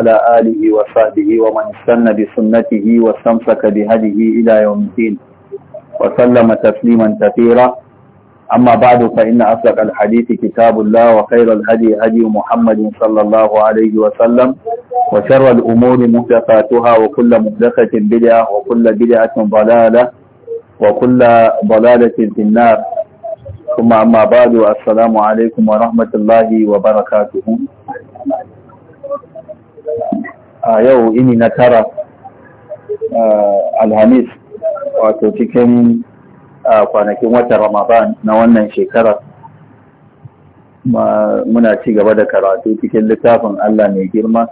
وعلى آله وصحبه ومن استنى بسنته واستمسك بهديه إلى يوم الدين وسلم تسليما كثيرا أما بعد فإن أصدق الحديث كتاب الله وخير الهدي هدي محمد صلى الله عليه وسلم وشر الأمور محدثاتها وكل محدثة بدعة وكل بدعة ضلالة وكل ضلالة في النار ثم أما بعد السلام عليكم ورحمة الله وبركاته a yau ini na tara alhamis wato cikin kwanakin watan ramadan na wannan shekarar muna ci gaba da karatu cikin littafin Allah mai girma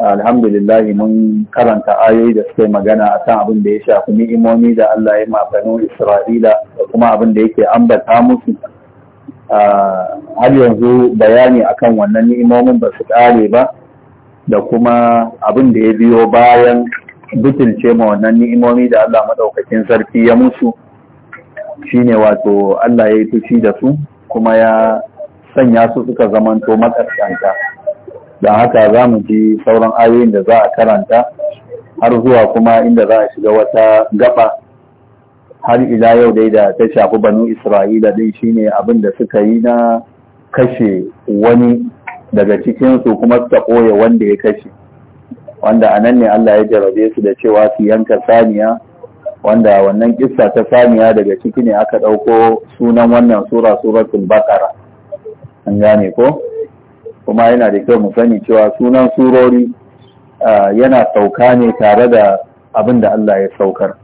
alhamdulillah mun karanta ayoyi da suka magana a kan abin da ya shafi ni'imomi da Allah ya mafano Isra'ila da kuma abin da yake ambata musu har yanzu bayani akan wannan ni'imomin ba su kare ba da kuma abin da ya biyo bayan butulce ma wannan ni'imomi da Allah madaukakin sarki ya musu shi ne wato Allah ya yi fushi da su kuma ya sanya su suka zamanto matsarkanta don haka za mu ji sauran ayoyin da za a karanta har zuwa kuma inda za a shiga wata gaba har ila yau dai da ta shafi banu isra'ila din shine abin da suka yi na kashe wani daga cikinsu kuma suka ɓoye wanda ya kashe wanda a nan ne Allah ya jarabe su da cewa su yanka saniya wanda wannan kissa ta saniya daga ciki ne aka ɗauko sunan wannan sura suratul baqara an gane ko kuma yana da kyau mu sani cewa sunan surori ah, yana sauka ne tare da abin da Allah ya saukar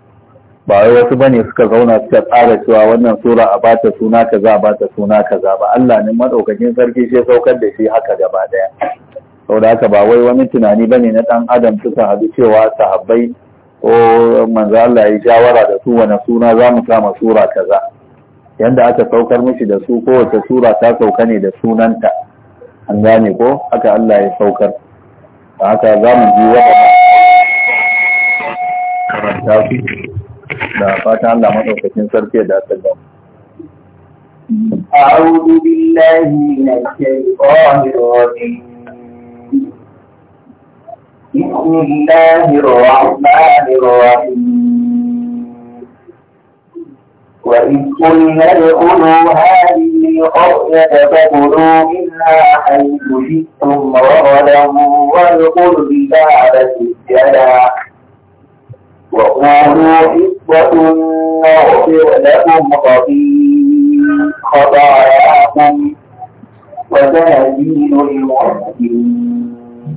ba wai wasu bane suka zauna suka tsara cewa wannan sura a bata suna kaza a bata suna kaza ba Allah ne madaukakin sarki sai saukar da shi haka gaba daya saboda haka ba wai wani tunani bane na dan adam suka hadu cewa sahabbai ko manzo Allah ya shawara da su wani suna za mu sama sura kaza yanda aka saukar mishi da su kowace sura ta sauka ne da sunanta an gane ko haka Allah ya saukar haka za mu ji wata karanta da fatan Allah maɗaukakin sarki da ta gamu. أعوذ بالله من الشيطان الرجيم بسم الله الرحمن الرحيم وإذ قلنا ادخلوا هذه القرية فكلوا منها حيث شئتم رغدا وادخلوا الباب سجدا وقولوا حسبة نغفر لكم خطاياكم وتهدين المحسنين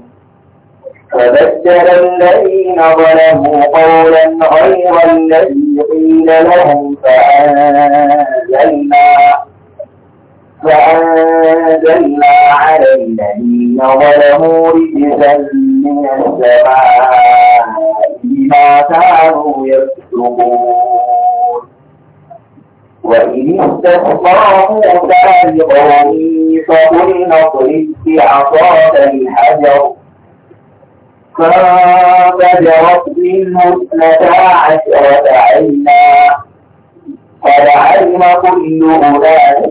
فبدل الذين ظلموا قولا غير الذي قيل لهم فأنزلنا وأنزلنا على الذين ظلموا رجزا من السماء بما كانوا يكتبون وإن استسقى موسى لقومه فقلنا اضرب بعصاك الحجر فانفجرت منه اثنتا عشرة عينا قد علم كل أناس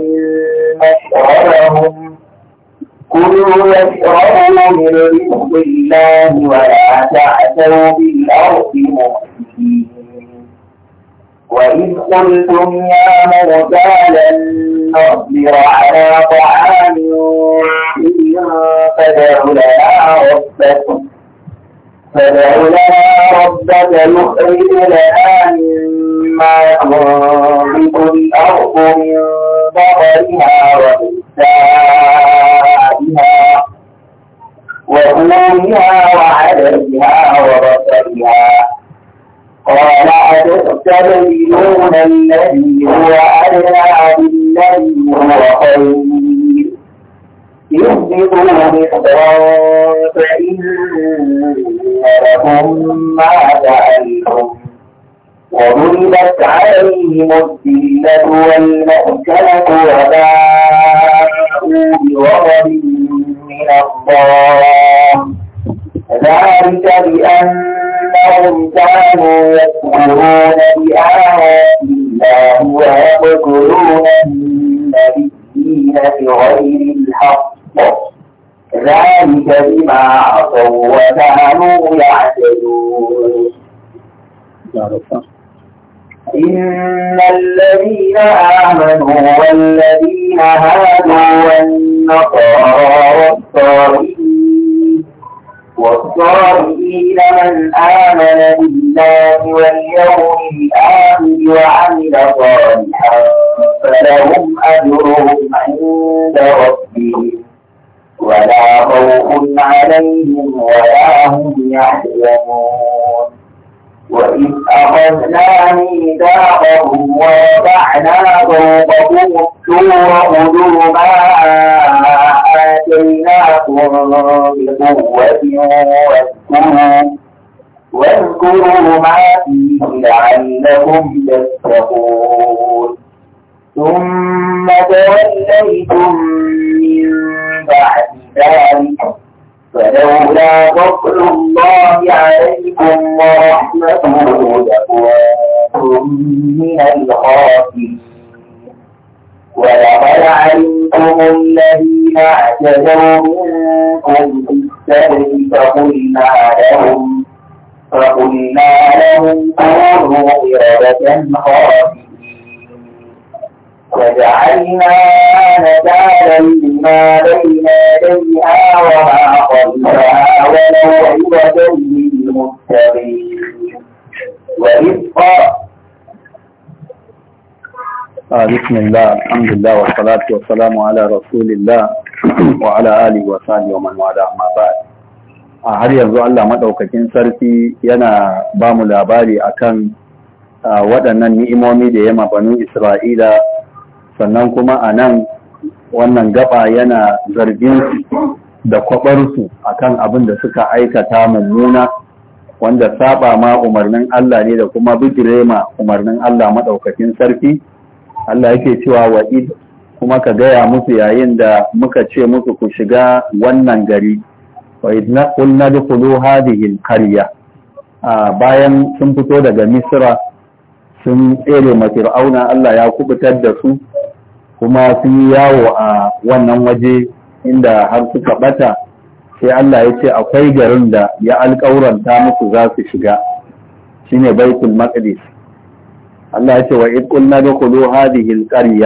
مشربهم كلوا واشربوا من رزق الله ولا تعثوا بالأرض مفسدين وإذ قلتم يا موسى لن نصبر على طعام فادع لنا ربك فادع لنا ربك يخرج لنا مما ينبت الأرض من وثمرها وغذائها وطولها وعددها وبصرها قال أتستبدلون الذي هو أدنى بالذي هو خير اهبطوا مصرا فإن لكم ما سألتم وضربت عليهم الذلة والمأكلة وباءوا بغضب من الله ذلك بأنهم كانوا يكفرون بآيات الله ويقتلون النبيين بغير الحق ذلك بما عصوا وكانوا يعتدون إن الذين آمنوا والذين هادوا والنصارى والصابئين والصابئين من آمن بالله واليوم الآخر وعمل صالحا فلهم أجرهم عند ربهم ولا خوف عليهم ولا هم يحزنون وإذ أخذنا ميثاقهم ورفعنا فوقهم الطور ما آتيناكم بقوة واذكروا واذكروا ما فيه لعلكم تتقون ثم توليتم من بعد ذلك فلولا فضل الله عليكم ورحمته لكم من الخاسرين ولقد علمتم الذين اعتدوا منكم في السبت فقلنا لهم فقلنا لهم كونوا قردة خاسرين وجعلنا لما بين يديها وما خلفها للمتقين ورزقا آه بسم الله الحمد لله والصلاة والسلام على رسول الله وعلى a har yanzu Allah maɗaukakin sarki yana ba mu labari akan waɗannan ni'imomi da yama banu Isra'ila sannan kuma a nan wannan gaba yana zargin da kwabarsu kan abin da suka aikata mummuna wanda saba ma umarnin Allah ne da kuma ma umarnin Allah madaukakin sarki Allah yake cewa wa'id kuma ka gaya musu yayin da muka ce musu ku shiga wannan gari wa'id na kulna dukulu hadihin karya bayan sun fito daga Misira. sun tsere ma Allah ya kubutar da su kuma sun yi yawo a wannan waje inda har suka bata sai Allah ya ce akwai garin da ya alƙauranta musu za su shiga shine baitul maqdis Allah ya ce wa id qulna dukhulu hadhihi haɗi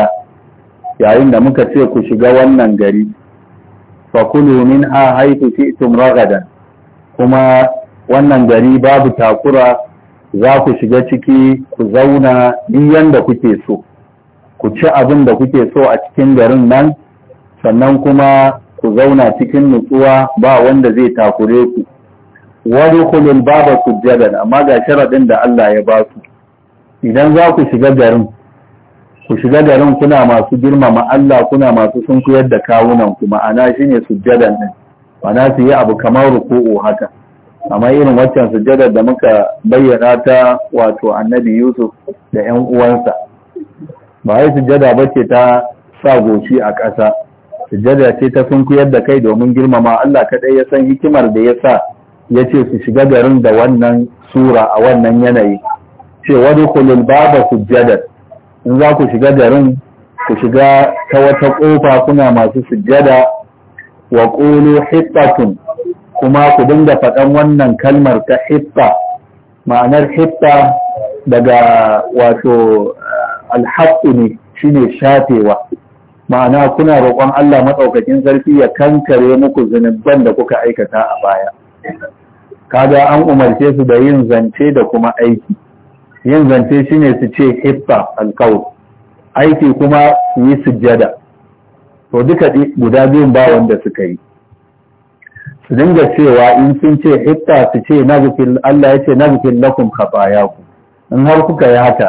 yayin da muka ce ku shiga wannan gari fa kulu minha haythu shi'tum ragadan kuma wannan gari babu takura za ku shiga ciki ku zauna ni yanda kuke so ku ci abin da kuke so a cikin garin nan sannan kuma ku zauna cikin nutsuwa ba wanda zai takure ku wani kulun baba sujjadan amma ga sharaɗin da Allah ya ba su idan za ku shiga garin ku shiga garin kuna masu girmama Allah kuna masu sun sunkuyar da kawunan ku ma'ana shine sujjadan ba na su yi abu kamar ruku'u haka amma irin waccan sujjadar da muka bayyana ta wato annabi yusuf da 'yan uwansa ba ai sujjada ba ce ta sa goshi a ƙasa sujjada ce ta sunkuyar da kai domin girmama allah kaɗai ya san hikimar da ya sa ya ce su shiga garin da wannan sura a wannan yanayi ce wani kulul baba sujjadar in za ku shiga garin ku shiga ta wata ƙofa kuna masu sujjada wa ƙulu hittatun kuma ku dinga faɗan wannan kalmar ta hitta ma'anar hitta daga wato eh, alhaƙu ne shine shafewa ma'ana kuna roƙon Allah maɗaukakin sarki ya kankare muku zunuban da kuka aikata a baya kaga an umarce su da yin zance da kuma aiki yin zance shine su ce hitta alkawo aiki kuma su yi sujjada to duka guda biyun ba wanda suka yi su dinga cewa in sun ce hitta su ce Allah ya ce nagfir lakum ku. in har kuka yi haka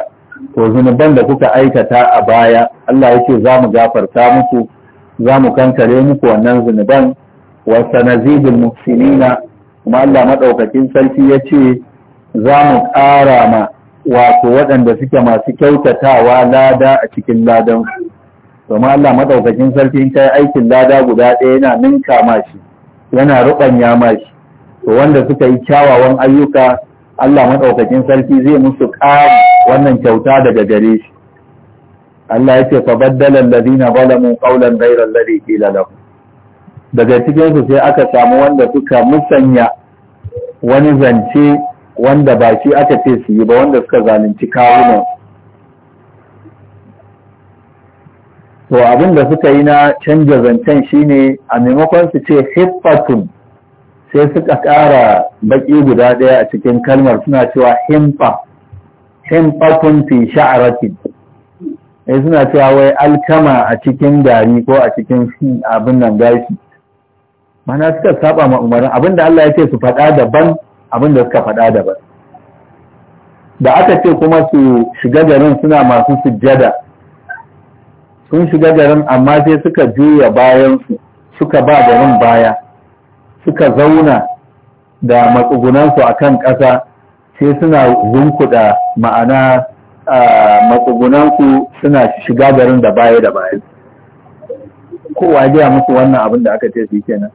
to zunuban da kuka aikata a baya Allah ya ce za mu gafarta muku za mu kankare muku wannan zunuban wa sanazidul muhsinina kuma Allah madaukakin sarki ya ce za mu ƙara ma wato waɗanda suke masu kyautatawa lada a cikin ladansu Kuma Allah madaukakin sarki in kai aikin lada guda ɗaya yana ninka mashi shi yana ruɓanya mashi to wanda suka yi kyawawan ayyuka Allah maɗaukakin sarki zai musu ƙara wannan kyauta daga gare shi Allah ya ce fa baddala alladhina zalamu qawlan ghayra alladhi qila lahum daga cikin su sai aka samu wanda suka musanya wani zance wanda ba shi aka ce su yi ba wanda suka zalunci kawunan to abin da suka yi na canja zancen shine a maimakon su ce hiffatun sai suka kara baƙi guda ɗaya a cikin kalmar suna cewa himfa himfatun fi sha'aratin eh, suna cewa wai alkama a cikin gari ko a cikin abin nan gashi mana suka saba ma umarin abin da Allah ya ce su faɗa daban abin da suka faɗa daban da aka ce kuma su shiga garin suna masu sujjada sun shiga garin amma sai suka juya bayansu suka ba garin baya suka zauna da matsugunansu a kan ƙasa sai suna zunkuda ma'ana matsugunansu suna shiga garin da baya da baya kowa gaya musu wannan abin da aka ce su kenan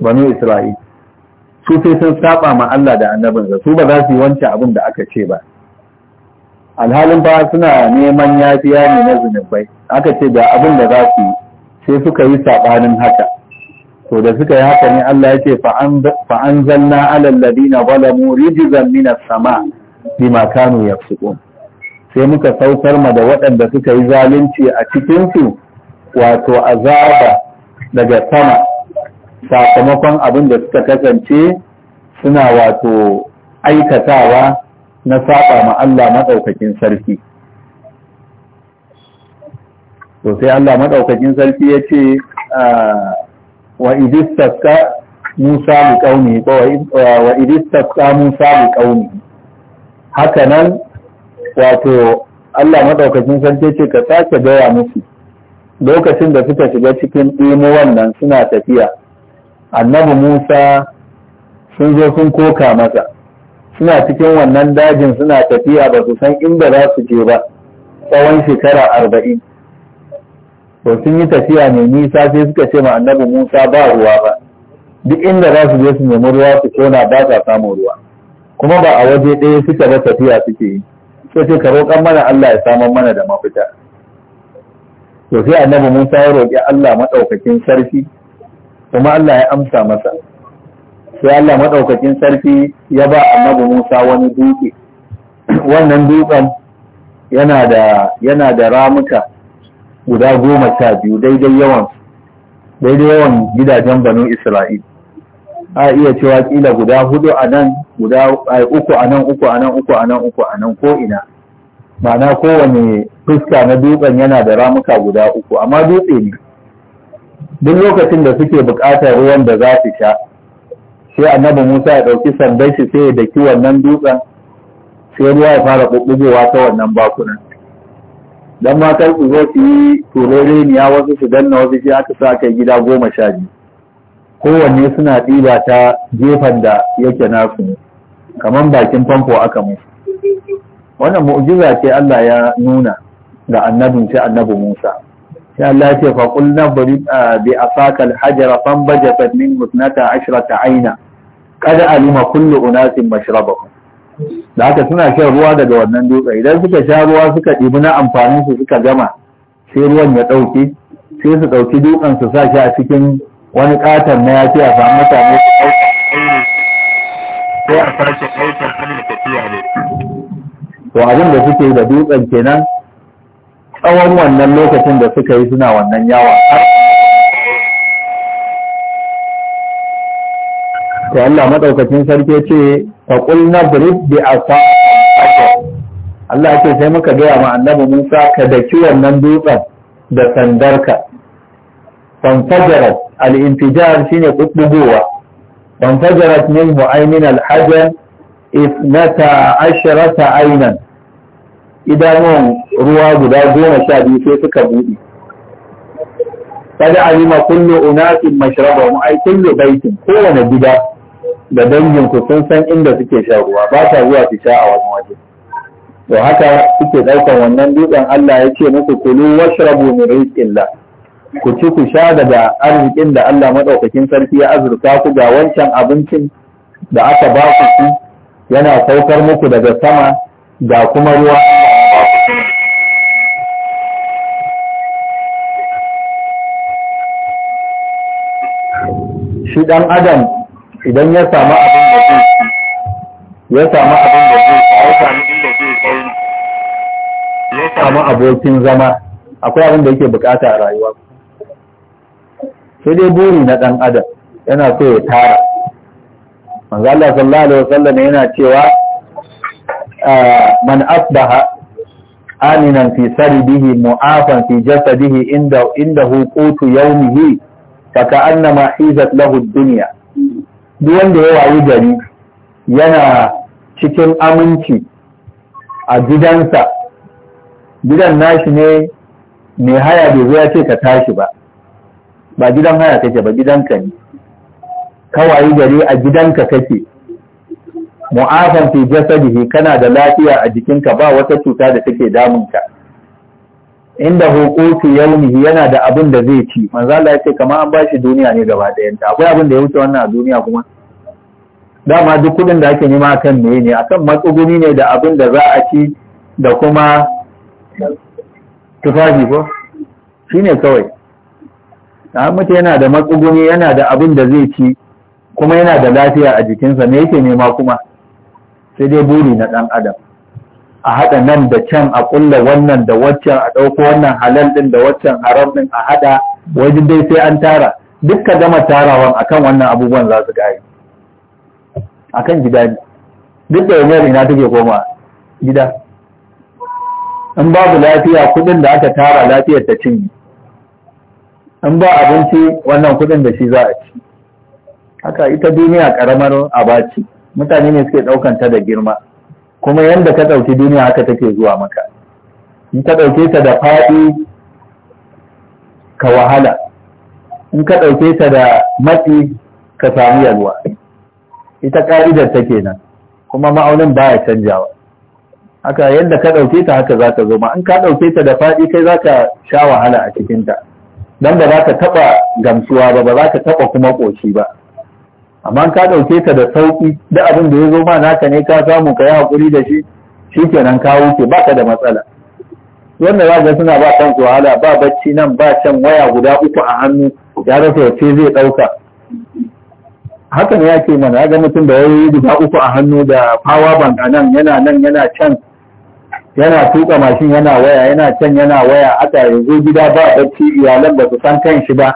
banu isra'il su sai sun saba ma Allah da annabinsa su ba za su yi wancan abin da aka ce ba alhalin ba suna neman yafiya ne na zunubai aka ce ga abin da za su yi sai suka yi saɓanin haka to da suka yi haka ne Allah ya ce fa'an zanna alalladi na balamu rijizan minas sama bi kanu ya sai muka saukar ma da waɗanda suka yi zalunci a cikinsu wato azaba daga sama sakamakon abin da suka kasance suna wato aikatawa na saba ma Allah maɗaukakin sarki to sai Allah maɗaukakin sarki ya ce ah, wa idistaska Musa bi ƙauni. wa idistaska Musa bi kauni haka nan wato Allah maɗaukakin sarki ya ce ka sake gaya musu lokacin da suka shiga cikin ɗimo wannan suna tafiya annabi Musa sun zo sun koka masa suna cikin wannan dajin suna tafiya ba su san inda za su je ba tsawon shekara arba'in to sun yi tafiya mai nisa sai suka ce ma annabi musa ba ruwa ba duk inda za su je su nemi ruwa su kona ba sa samun ruwa kuma ba a waje ɗaya suka ba tafiya suke yi suka ce ka roƙan mana allah ya samar mana da mafita to sai annabi musa ya roƙi allah maɗaukakin sarki kuma allah ya amsa masa sai Allah madaukakin sarki ya ba annabi Musa wani duke wannan dukan yana da yana da ramuka guda goma sha biyu daidai yawan daidai yawan gidajen banu Isra'il a iya cewa kila guda hudu a nan guda uku a nan uku a nan uku a nan uku a nan ko ina ma'ana kowane fuska na dukan yana da ramuka guda uku amma dutse ne duk lokacin da suke buƙatar ruwan da za su sha sai annabi Musa ya ɗauki sandan shi sai ya daki wannan dutsen sai ruwa ya fara bubbugowa ta wannan bakunan dan matar su zo su yi turore wasu su danna wasu shi aka sa kai gida goma sha biyu kowanne suna ɗiba ta gefen da yake nasu kamar bakin famfo aka musu wannan mu'jiza ce Allah ya nuna ga annabin sai annabi Musa sai Allah ya ce fa qul nabri bi asaka al-hajara fanbajat min mutnata ta aina kada alima kullu unasin mashrabahum da haka suna shan ruwa daga wannan dutse idan suka sha ruwa suka ɗibi na amfanin su suka gama sai ruwan ya dauke sai su ɗauki dutsen su sa shi a cikin wani ƙaton na yafi a samu mutane su sai a sace ɗaukar hannun tafiya ne to abin da suke da dutsen kenan tsawon wannan lokacin da suka yi suna wannan yawa to Allah madaukakin sarki ce fa qul nadrib bi Allah ya ce sai muka gaya ma annabi Musa ka daki wannan dutsen da sandarka fanfajarat al-infijar shine kuddugowa fanfajarat min mu'aymin al-hajar isnata asharata aynan Idanun ruwa guda goma sha biyu sai suka buɗe kada alima kullu unasin mashrabahum ay kullu baitin kowane gida da dangin ku sun san inda suke sha ruwa ba ta zuwa su sha a wani waje to haka suke ɗaukar wannan dutsen Allah ya ce muku kulu washrabu min rizqillah ku ci ku sha daga arzikin da Allah madaukakin sarki ya azurta ku ga wancan abincin da aka ba ku yana saukar muku daga sama ga kuma ruwa shi dan adam idan ya samu abin da zai ci ya samu abin da zai ci ya samu abin da zai ci ya samu abokin zama akwai abin da yake bukata a rayuwa sai dai buri na dan adam yana so ya tara manzo Allah sallallahu alaihi wasallam yana cewa ah, man asbaha aminan fi sarbihi mu'afan fi jasadihi inda hukutu qutu yawmihi fa ka'annama hizat lahu ad-dunya duk wanda ya wayi gari yana cikin aminci a gidansa gidan nashi ne mai haya bai zo ya ce ka tashi ba ba gidan haya kake ba gidanka ne kawayi gari a gidanka kake mu'afan fi jasadihi kana da lafiya a jikinka ba wata cuta da take damunka inda hukutu yaumihi yana da abin da zai ci manzo Allah ya ce kamar an bashi duniya ne gaba ɗayan ta akwai abin da ya wuce wannan a duniya kuma dama duk kudin da ake nema akan meye ne akan matsuguni ne da abin da za a ci da kuma tufafi ko Shi ne kawai da yana da matsuguni yana da abin da zai ci kuma yana da lafiya a jikinsa me yake nema kuma sai dai buri na ɗan adam a haɗa nan da can a ƙulla wannan da waccan a ɗauko wannan halal ɗin da waccan haram ɗin a haɗa waje dai sai an tara duk ka gama tarawan akan wannan abubuwan za su gari akan gida ne duk da umar ina take koma gida in babu lafiya kuɗin da aka tara lafiyar ta cinye in ba abinci wannan kuɗin da shi za a ci haka ita duniya ƙaramar abaci mutane ne suke ɗaukanta da girma kuma yanda ka ɗauki duniya haka take zuwa maka in ka ɗauke ta da faɗi ka wahala in ka ɗauke ta da matsi ka sami yalwa ita ƙa'idar ta kenan kuma ma'aunin baya canjawa haka yadda ka ɗauke ta haka za ka zo ma in ka ɗauke ta da faɗi kai za ka sha wahala a cikinta don ba za ka taɓa gamsuwa ba ba za ka taɓa kuma ƙoshi ba amma ka ɗauke ta da sauƙi da abin da ya zo ma naka ne ka samu ka yi haƙuri da shi shi kenan ka wuce baka da matsala wanda za ga suna ba kansu wahala ba bacci nan ba can waya guda uku a hannu ya rasa yace zai ɗauka hakan ya ke mana ya ga mutum da yi guda uku a hannu da power bank a nan yana nan yana can yana tuka mashin yana waya yana can yana waya aka yanzu gida ba bacci iyalan ba su san kan shi ba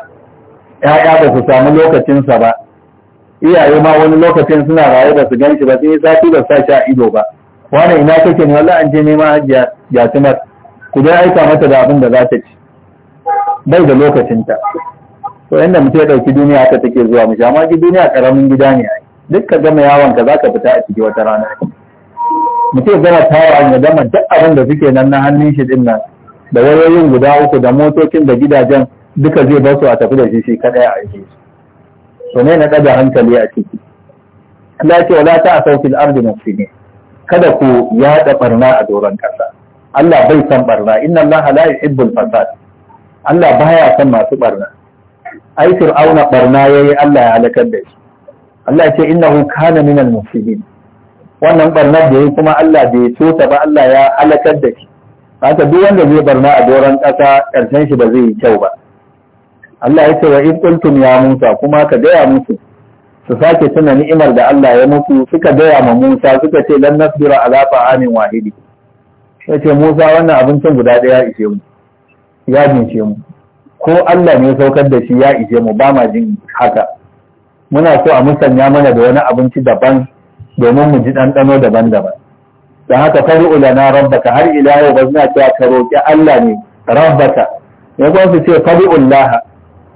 ya'ya ba su samu lokacinsa ba iyaye ma wani lokacin suna raye ba su gan shi ba sun yi sati ba sa a ido ba wani ina kake ne wallahi an je nema hajiya jatumar ku dai aika mata da abin da za ta ci bai da lokacinta to inda mutum ya ɗauki duniya haka take zuwa mu amma duniya karamin gida ne duk ka gama yawon ka zaka fita a ciki wata rana mutum ya gama tawa ya gama duk abin da suke nan na hannun shi din nan da wayoyin guda uku da motocin da gidajen duka zai su a tafi da shi shi kadai a aiki to ne na ɗaga hankali a ciki Allah ce wala ta asau fil ardi mufsidin kada ku yaɗa ɓarna a doron ƙasa Allah bai san ɓarna. inna Allah la yuhibbul fasad Allah baya san masu barna ai fir'auna barna yayi Allah ya halakar da shi Allah ya ce innahu kana minal mufsidin wannan ɓarnar da yayi kuma Allah bai tota ba Allah ya halakar da shi haka duk wanda zai barna a doron ƙasa ƙarshen shi ba zai yi kyau ba Allah ya ce wa in ya Musa kuma ka gaya musu su sake tuna ni'imar da Allah ya musu suka gaya ma Musa suka ce lan nasbira ala ta'amin wahidi ce Musa wannan abincin guda daya ishe mu ya gince mu ko Allah ne saukar da shi ya ishe mu ba ma jin haka muna so a musanya mana da wani abinci daban domin mu ji ɗanɗano daban-daban don haka faru na rabbaka har ila yau ba suna cewa ka roƙi Allah ne rabbaka ya su ce faru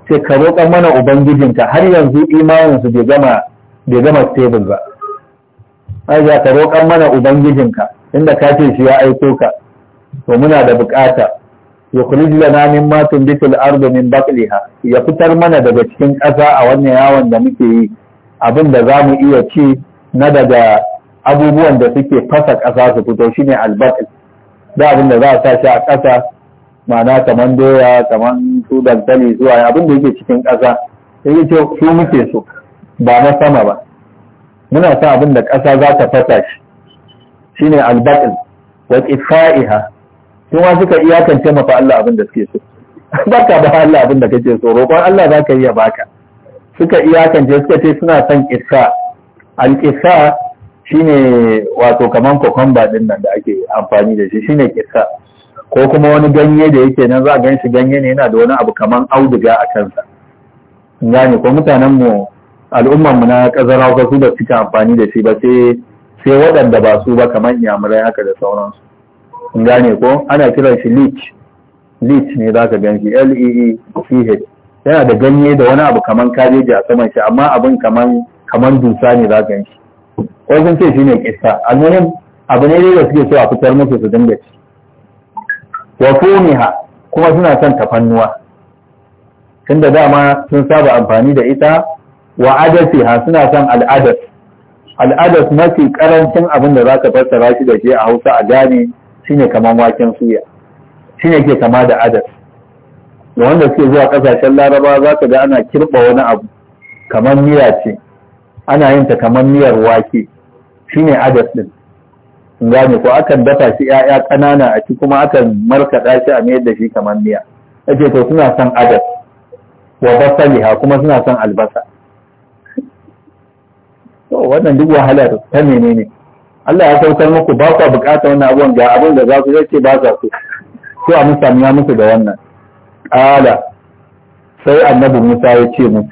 sai ka roƙon mana ubangijinka har yanzu imaninsu bai gama bai gama stable ba aisha ka roƙon mana ubangijinka inda ka ce shi ya aiko ka to muna da bukata jila na min matun al-ardu min ya fitar mana daga cikin ƙasa a wannan yawon da muke yi abin da mu iya ci na daga abubuwan da suke fasa ƙasa su fito shine al da abin da za a sa shi a ƙasa ma'ana kaman doya kaman su dantali zuwa abin da yake cikin ƙasa sai ce su muke so ba na sama ba muna sa abin da ƙasa za ta fasa shi shine albaqil wa su kuma suka iyakance maka Allah abin da suke so baka ba Allah abin da kake so roƙon Allah za ka yi ya baka suka iyakance suka ce suna son ƙisa al shi shine wato kaman kwakwamba din nan da ake amfani da shi shine ƙisa ko kuma wani ganye da yake nan za a gan shi ganye ne yana da wani abu kaman auduga a kansa gane ko mutanen mu al'umman mu na kazara Hausa su ba su amfani da shi ba sai sai waɗanda ba su ba kamar yamurai haka da sauransu gane ko ana kiran shi leech leech ne za ka gan shi l e e c h yana da ganye da wani abu kaman kabeji a saman shi amma abin kaman kamar dusa ne za ka gan shi ko sun ce shine kissa almuhim abu ne da suke so a fitar musu su dinga ci wa fumiha kuma suna son tafannuwa tunda dama sun saba amfani da ita wa adasiha suna son al'adas al'adas mafi karancin abin da za ka fassara shi da shi a hausa a gane shine kaman waken suya shine ke kama da adas da wanda suke zuwa kasashen laraba za ka ga ana kirɓa wani abu kamar miya ce ana yin ta kamar miyar wake shine adas din gane ko akan dafa shi ya'ya ƙanana a ci kuma akan markaɗa shi a mayar da shi kamar miya ake to suna son adas wa basaliha kuma suna son albasa to wannan duk wahala ta menene Allah ya saukar muku ba ku bukata wannan abuwan ga abin da za su yace ba za su to a musamman musu da wannan qala sai annabi Musa ya ce musu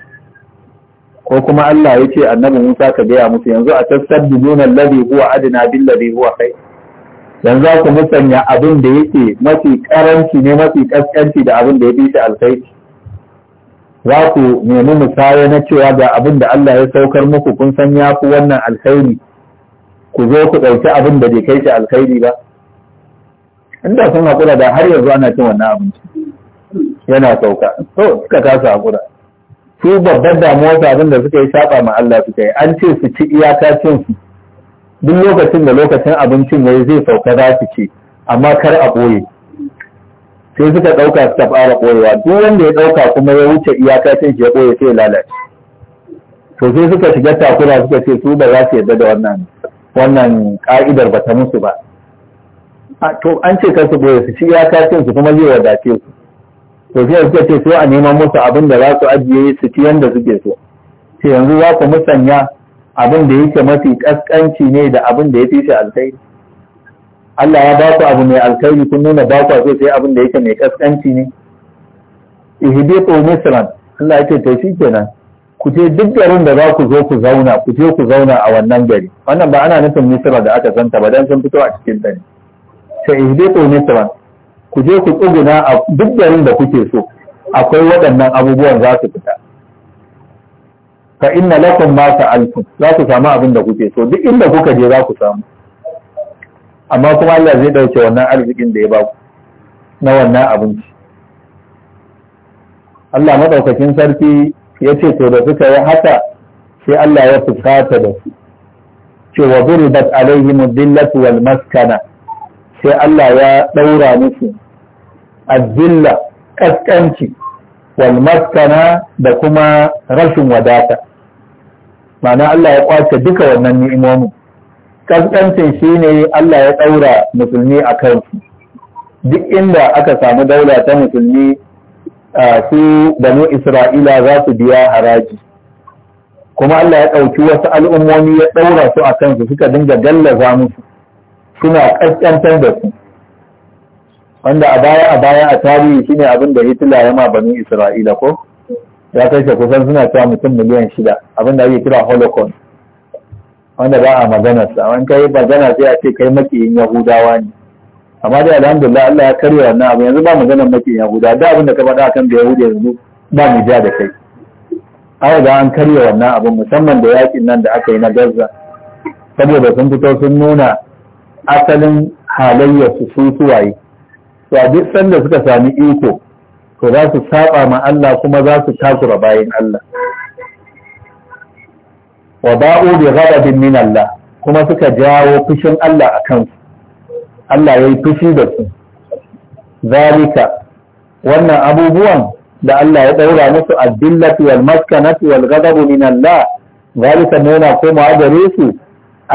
ko kuma Allah ya ce annabi Musa ka gaya musu yanzu a tasabbiluna alladhi huwa adina billadhi huwa kai, yanzu za ku musanya abin da yake mafi karanci ne mafi kaskanci da abin da ya bi shi alkhairi za ku nemi musaya na cewa ga abin da Allah ya saukar muku kun san ya fi wannan alkhairi ku zo ku ɗauki abin da bai kai shi alkhairi ba inda sun haƙura da har yanzu ana cin wannan abinci yana sauka to suka kasa haƙura su babbar damuwar abin da suka yi saba ma Allah suka yi an ce su ci iyaka cin su duk lokacin da lokacin abincin yayi zai sauka za su ci amma kar a boye sai suka dauka suka fara boyewa duk wanda ya dauka kuma ya wuce iyaka cin shi ya boye sai lalace to sai suka shiga takura suka ce su ba za su yarda da wannan wannan ka'idar ba ta musu ba to an ce kar su boye su ci iyaka cin su kuma zai wadace su to sai suka ce sai a neman musu abin da za su ajiye su ci yanda suke so ce yanzu za ku musanya abin da yake mafi kaskanci ne da abin da ya fi shi alkhairi Allah ya ba ku abu mai alkhairi kun nuna ba ku so sai abin da yake mai kaskanci ne ko misran Allah ya ce to kenan ku je duk garin da za ku zo ku zauna ku je ku zauna a wannan gari wannan ba ana nufin misra da aka santa ba dan sun fito a cikin ta ne sai ko misran ku je ku tsuguna a duk garin da kuke so akwai waɗannan abubuwan za su fita fa inna lakum ma sa'altum za ku samu abin da kuke so duk inda kuka je za ku samu amma kuma Allah zai dauke wannan arzikin da ya baku na wannan abinci Allah madaukakin sarki ya ce to da suka yi haka sai Allah ya fuskata da su cewa duribat alaihimu dillatu wal maskana sai Allah ya ɗaura musu azilla ƙasƙanci walmaskana da kuma rashin wadata ma'ana Allah ya kwace duka wannan ni'imomi ƙasƙancin shi ne Allah ya ɗaura musulmi a kansu duk inda aka samu daula ta musulmi su banu isra'ila za su biya haraji kuma Allah ya ɗauki wasu al'ummomi ya ɗaura su a kansu suka dinga gallaza musu suna ƙasƙantar da su wanda a baya a baya a tarihi shine abin da Hitler ya ma banu Isra'ila ko ya kai ta kusan suna cewa mutum miliyan shida abin da ake kira Holocaust wanda ba a magana sa wani kai magana sai a ce kai makiyin Yahudawa ne amma dai alhamdulillah Allah ya karya wannan abu yanzu ba maganar makiyin Yahudawa da abin da ka faɗa akan da Yahudi yanzu ba mu ja da kai ai ga an karya wannan abin musamman da yakin nan da aka yi na Gaza saboda sun fito sun nuna asalin halayyarsu sun suwaye to a duk sanda suka sami iko to za su saba ma Allah kuma za su takura bayan Allah wa ba'u bi ghadabin min Allah kuma suka jawo fushin Allah a kansu Allah ya yi fushi da su zalika wannan abubuwan da Allah ya ɗaura musu addillati wal maskanati wal ghadabu min Allah zalika nuna yana komawa gare su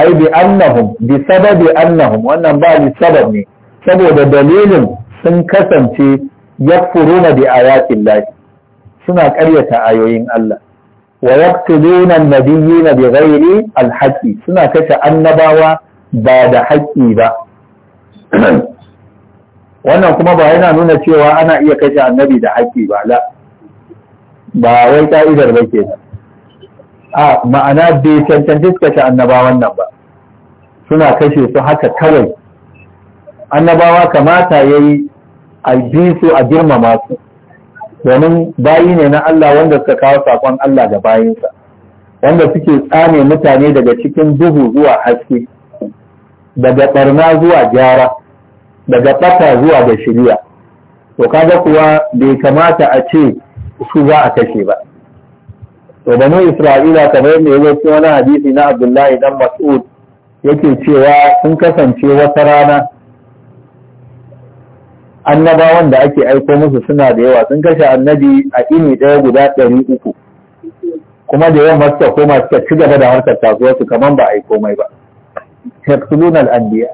ai bi annahum bi sababi annahum wannan ba ni sabab ne saboda dalilin sun kasance yakfuruna bi ayatin lahi suna ƙaryata ayoyin Allah wa yaqtuluna an-nabiyina bighairi al-haqqi suna kashe annabawa ba da haƙƙi ba wannan kuma ba yana nuna cewa ana iya kashe annabi da haƙƙi ba la ba wai ka'idar ba ke a ma'ana bai cancanci suka annabawan nan ba suna kashe su haka kawai annabawa kamata ya yi a bi su a girmama su domin bayi ne na Allah wanda suka kawo sakon Allah ga bayinsa wanda suke tsane mutane daga cikin duhu zuwa haske daga barna zuwa gyara daga tsaka zuwa ga shirya to kaga kuwa bai kamata a ce su za a kashe ba to banu isra'ila kamar yadda ya zo wani hadisi na abdullahi dan mas'ud yake cewa sun kasance wata rana annabawan da ake aiko musu suna da yawa sun kashe annabi a ini ɗaya guda ɗari uku kuma da yawan masu koma suka ci gaba da harkar kasuwarsu kamar ba a yi komai ba yaktuluna al'anbiya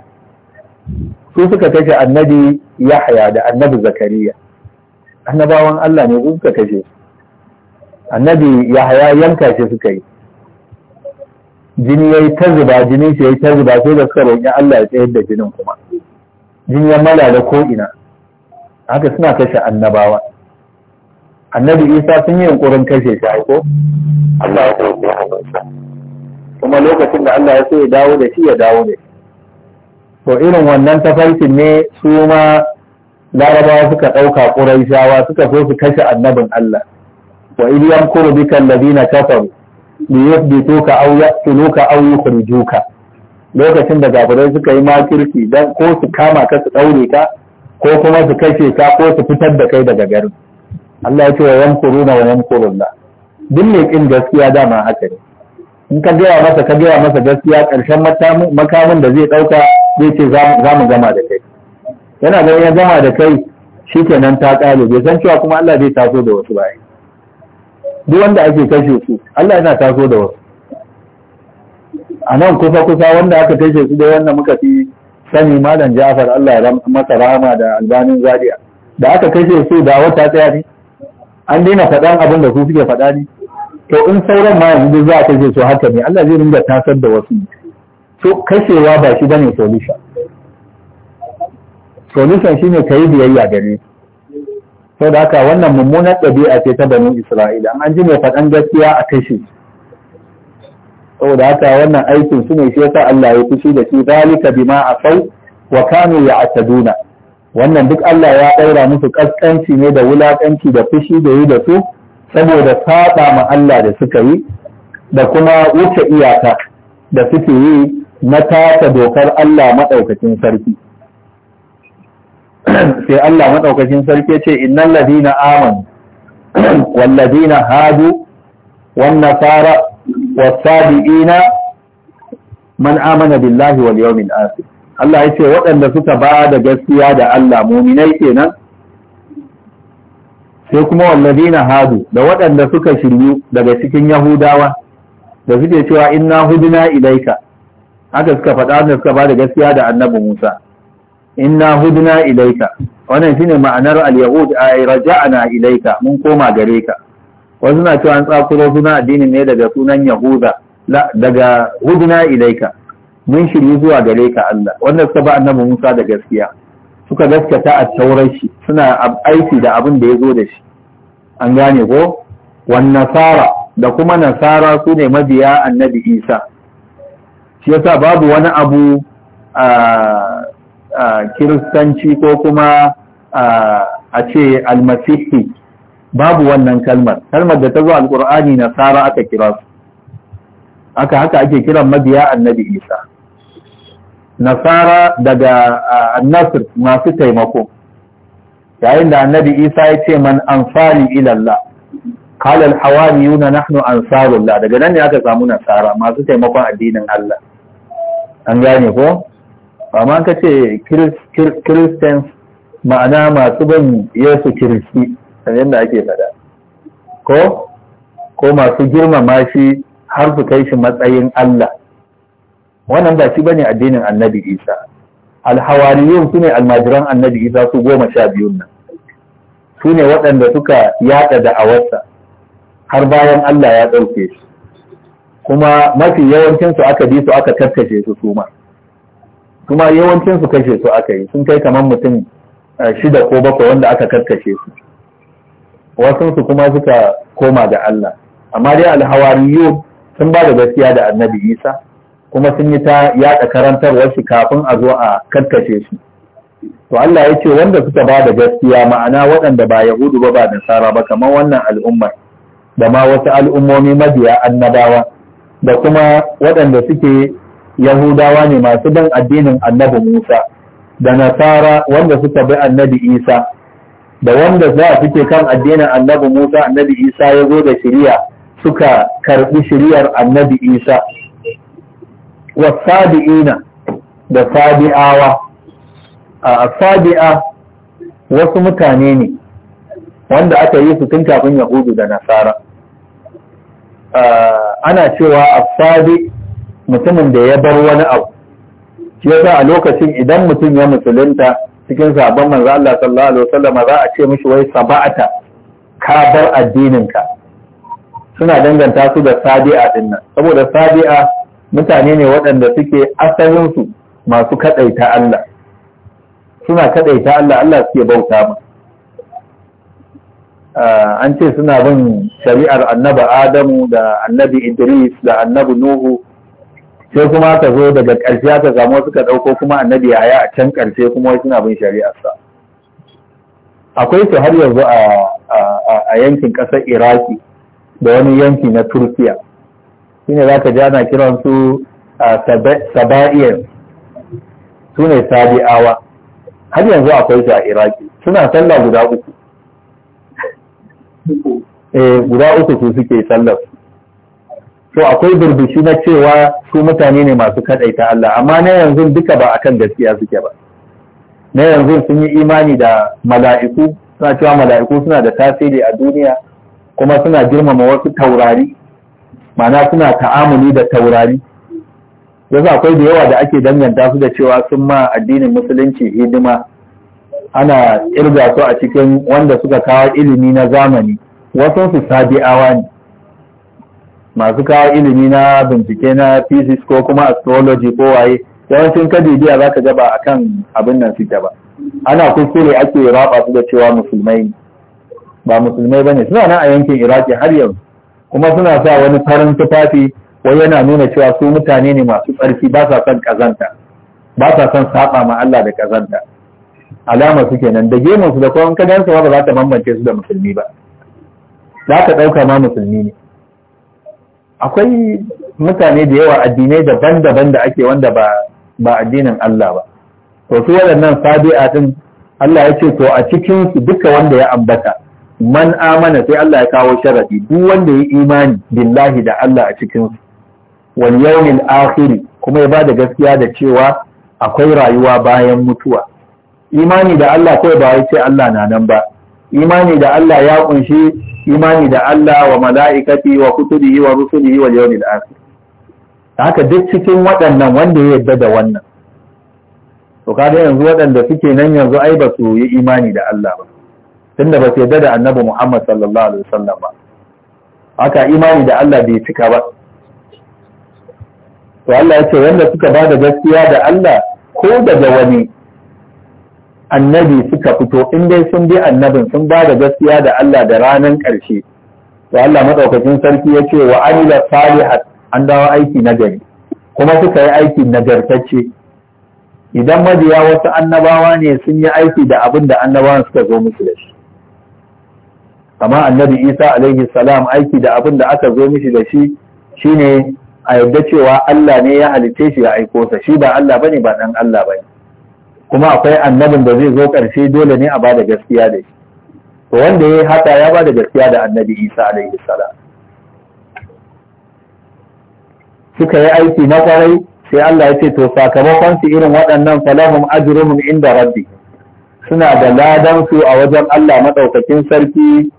su suka kashe annabi yahya da annabi zakariya annabawan allah ne su suka kashe su annabi yahaya yanka shi suka yi jini yi ta zuba jini shi yi ta zuba sai da suka roƙi Allah ya tsayar da jinin kuma jini ya mala da ko'ina haka suna kashe annabawa annabi isa sun yi yunƙurin kashe shi aiko Allah ya tsayar kuma lokacin da Allah ya so ya dawo da shi ya dawo da shi to irin wannan tafarkin ne su ma larabawa suka ɗauka ƙuraishawa suka so su kashe annabin Allah wa idh yamkuru bika alladhina kafaru liyuthbituka aw yaqtuluka aw yukhrijuka lokacin da gafirai suka yi makirki dan ko su kama ka su daure ka ko kuma su kashe ka ko su fitar da kai daga garin Allah ya ce wa yamkuruna wa yamkurullah duk ne kin gaskiya dama haka ne in ka gaya masa ka gaya masa gaskiya ƙarshen makamin da zai ɗauka zai ce za mu gama da kai yana ganin ya gama da kai shikenan ta ƙare bai san cewa kuma Allah zai taso da wasu baya duk wanda ake kashe su Allah yana taso da wasu a nan kusa kusa wanda aka kashe su da wanda muka fi sani malam Ja'far Allah ya masa rahama da albanin zariya da aka kashe su da wata tsaya ne an daina faɗan abin da su suke faɗa ne to in sauran ma yanzu za a kashe su haka ne Allah zai ringa tasar da wasu to kashewa ba shi bane solution solution shine kai biyayya gare shi da haka wannan mummunar ɗabi'a ce ta banin isra'ila an ji mai faɗan gaskiya a kashe da haka wannan aikin su ne shi yasa Allah ya fushi da shi zalika bima asau wa kanu Kaduna." wannan duk Allah ya ɗaura musu ƙasƙanci ne da wulakanci da fushi da yi da su saboda saɓa ma Allah da suka yi da kuma wuce iyaka da suke yi na taka dokar Allah maɗaukacin sarki sai Allah maɗaukacin sarki ce innal ladina amanu walladina hadu wan nasara was sabiina man amana billahi wal yawmil akhir Allah yace waɗanda suka ba da gaskiya da Allah mu'minai kenan sai kuma walladina hadu da waɗanda suka shiryu daga cikin Yahudawa da suke cewa inna hudna ilaika haka suka faɗa da suka ba da gaskiya da Annabi Musa inna hudna ilaika wannan shine ma'anar al-yahud ay raja'na ilaika mun koma gare ka wasu na cewa an tsakuro suna addinin ne daga sunan yahuda daga hudna ilaika mun shirye zuwa gare ka Allah wanda suka ba annabi Musa da gaskiya suka gaskata a taurar shi suna aiki da abin da ya zo da shi an gane ko wan nasara da kuma nasara su ne mabiya annabi Isa shi yasa babu wani abu ah, kiristanci ko kuma a ce almasihi babu wannan kalmar kalmar da ta zo alkur'ani nasara aka kira su aka haka ake kiran mabiya annabi isa nasara daga annasir masu taimako yayin da annabi isa ya ce man ansari ilallah qala na nahnu ansarullah daga nan ne aka samu nasara masu taimakon addinin Allah an gane ko amma ka ce christians ma'ana masu bin yesu kiristi yadda ake fada ko ko masu girmama shi har su kai shi matsayin Allah wannan ba shi bane addinin annabi isa alhawariyun su ne almajiran annabi isa su goma sha biyun nan su ne waɗanda suka yaɗa da'awarsa har bayan Allah ya ɗauke shi kuma mafi yawancinsu aka bi su aka kaskashe su suma. kuma yawancin su kashe su aka yi sun kai kamar mutum eh, shida ko bakwai wanda aka karkashe su wasu su kuma suka koma ga Allah amma dai alhawari yau sun ba da gaskiya da annabi Isa kuma sun yi ta yaɗa karantarwar shi kafin a zo a karkashe su. to Allah ya ce wanda suka ba da gaskiya ma'ana waɗanda ba Yahudu ba ba Nasara ba kamar wannan al'ummar da ma wasu al'ummomi mabiya annabawa da kuma waɗanda suke yahudawa ne masu bin addinin annabi musa da nasara wanda suka bi annabi isa da wanda za suke kan addinin annabi musa annabi isa ya zo da shiriya suka karbi shiriyar annabi isa wasabi'ina da sabi'awa a sabi'a wasu mutane ne wanda aka yi su tun kafin yahudu da nasara ana cewa asabi mutumin da ya bar wani abu shi yasa a lokacin idan mutum ya musulunta cikin sabon manzo Allah sallallahu alaihi wasallam za a ce mishi wai saba'ata ka bar addininka suna danganta su da sadi'a din nan saboda sadi'a mutane ne waɗanda suke asalin su masu kadaita Allah suna kadaita Allah Allah suke bauta mu an ce suna bin shari'ar annabi Adamu da annabi Idris da annabi Nuhu sai kuma ka zo daga ƙarshe aka samu ka ɗauko kuma annabi yi a can ƙarshe kuma wasu na bin shari'arsa akwai su har yanzu a yankin ƙasar iraki da wani yanki na turkiya ne za ka ji ana kiran su saba'iyan su ne sabi'awa har yanzu akwai su a iraki suna sallah guda uku eh guda uku su suke sallar to akwai burbushi na cewa su mutane ne masu kadaita Allah amma na yanzu duka ba akan gaskiya suke ba na yanzu sun yi imani da mala'iku suna cewa mala'iku suna da tasiri a duniya kuma suna girmama wasu taurari ma'ana suna ta'amuli da taurari yanzu akwai da yawa da ake danganta su da cewa sun ma addinin musulunci hidima ana irga su a cikin wanda suka kawo ilimi na zamani wasu su sabi'awa ne masu kawo ilimi na bincike na physics ko kuma astrology ko waye yawancin kadidiya za ka ga ba akan abin nan fita ba ana kuskure ake raba su da cewa musulmai ba musulmai ba ne, suna nan a yankin iraki har yanzu kuma suna sa wani farin tufafi wai yana nuna cewa su mutane ne masu tsarki ba sa son kazanta ba sa son saba ma Allah da kazanta alama suke nan da gemun su da kuma kadan ba za ta bambance su da musulmi ba za ka dauka ma musulmi ne akwai mutane da yawa addinai daban-daban da ake wanda ba addinin Allah ba to su waɗannan sabi'a din Allah ya ce to a cikinsu duka wanda ya ambata man amana sai Allah ya kawo sharadi duk wanda ya imani billahi da Allah a cikin su wal akhiri kuma ya bada gaskiya da cewa akwai rayuwa bayan mutuwa imani da Allah kawai ba ya ce Allah na nan ba imani da Allah ya kunshi imani da Allah wa mala'ikati wa kutubihi wa rusulihi wa yawmil akhir haka duk cikin waɗannan wanda ya yadda da wannan to kaga yanzu waɗanda suke nan yanzu ai ba su yi imani da Allah ba tunda ba su yarda da Annabi Muhammad sallallahu alaihi wasallam ba haka imani da Allah bai cika ba to Allah ya ce wanda suka ba da gaskiya da Allah ko daga wani annabi suka fito in dai sun bi annabin sun ba da gaskiya da Allah da ranar ƙarshe to Allah madaukakin sarki ya ce wa amila salihat an dawo aiki na gari kuma suka yi aiki nagartacce idan mabiya wasu annabawa ne sun yi aiki da abin da annabawan suka zo musu da shi kama annabi isa alaihi salam aiki da abin da aka zo mishi da shi shine a yadda cewa Allah ne ya halitte shi ya aiko sa shi ba Allah bane ba dan Allah bane kuma akwai annabin da zai zo ƙarshe dole ne a ba da gaskiya da shi to wanda ya haka ya ba da gaskiya da annabi isa alaihi salam suka yi aiki na kwarai sai Allah ya ce to sakamakon su irin waɗannan falahum ajruhum inda rabbi suna da ladan su a wajen Allah madaukakin sarki